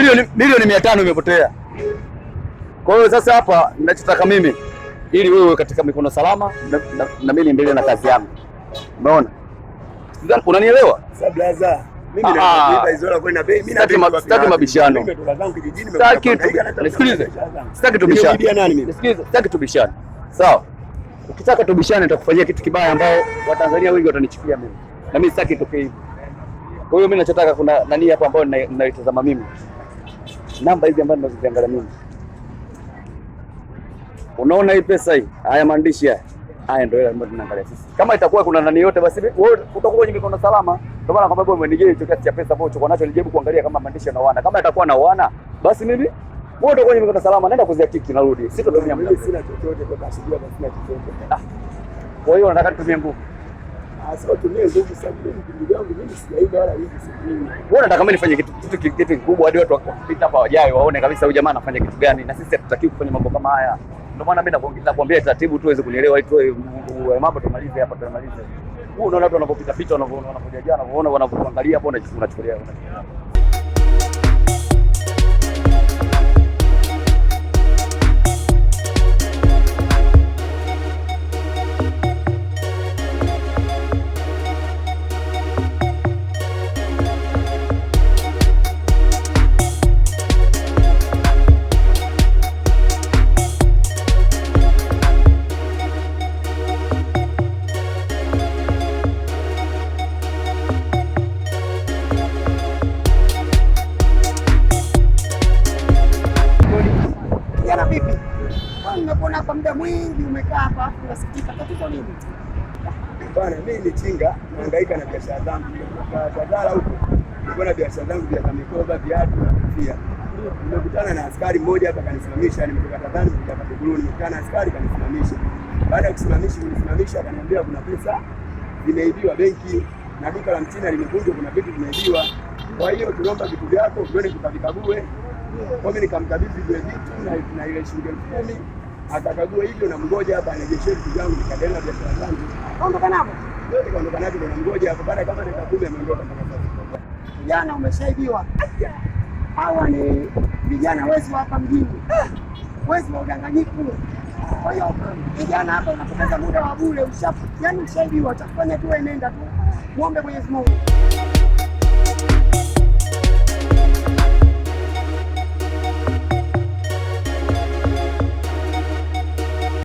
milioni milioni mia tano imepotea. Kwa hiyo sasa hapa ninachotaka mimi ili wewe katika mikono salama na, na, na mimi niendelee na kazi yangu. Umeona? Unanielewa? Sasa blaza, mimi ah, na ah. bei, mimi na sitaki mabishano. Sitaki tu. Nisikilize. Sitaki tubishane. Nisikilize, sitaki tubishane. Sawa. Ukitaka tubishane nitakufanyia kitu kibaya ambao Watanzania wengi watanichukia mimi. Na mimi sitaki itokee hivi. Kwa hiyo mimi ninachotaka kuna nani hapa ambao ninaitazama mimi namba hizi ambazo tunaziangalia mimi. Unaona hii pesa hii, haya maandishi haya. Haya ndio ile ambayo tunaangalia sisi. Kama itakuwa kuna nani yote basi wewe utakuwa kwenye mikono salama. Kwa maana kwamba bwana nijeje hicho kiasi cha pesa ambacho uko nacho nijebu kuangalia kama maandishi yanawana. Kama itakuwa na wana, basi mimi wewe utakuwa kwenye mikono salama, naenda kuzia kiki narudi. Sitatumia mimi sina chochote kwa sababu sina chochote. Ah. Kwa hiyo nataka nitumie nguvu asiwatumie nguvu sababu ndugu yangu mimi sijaiba wala hivi si Wewe unataka mimi nifanye kitu kitu kitu kikubwa hadi watu wakipita hapa wajae waone kabisa huyu jamaa anafanya kitu gani na sisi hatutakiwi kufanya mambo kama haya. Ndio maana mimi nakwambia taratibu tu uweze kunielewa ili tuwe mambo tumalize hapa tumalize. Wewe unaona watu wanapopita pita wanavyoona wanapojajana wanaona hapo unachukulia unachukulia. kwa muda mwingi umekaa hapa afu unasikitika, tatizo nini? Bwana, mimi ni chinga, nahangaika na biashara zangu Tazara huko, nilikuwa na biashara zangu vya mikoba, viatu na kofia. Nimekutana na askari mmoja hapa kanisimamisha, nimetoka kuja nimekuja Katuguru, nimekutana na askari kanisimamisha. Baada ya kusimamisha kunisimamisha, akaniambia kuna pesa zimeibiwa benki na duka la mchina limevunjwa, kuna vitu vimeibiwa, kwa hiyo tunaomba vitu vyako tuende tukavikague. Kwa mimi nikamkabidhi vile vitu na ile shilingi elfu kumi akakagua hivyo na mgoja hapa anejeshe vitu vyangu, nikaendelea na biashara zangu. Ondoka napo yote, kaondoka napo, na mgoja hapo. Baada kama dakika kumi ameondoka. Kijana umesaidiwa, hawa ni vijana wezi wa hapa mjini, wezi wa udanganyifu. Kwa hiyo vijana hapa unapoteza muda wa bure, ushafu, yani ushaibiwa. Utakufanya tu enenda tu muombe Mwenyezi Mungu.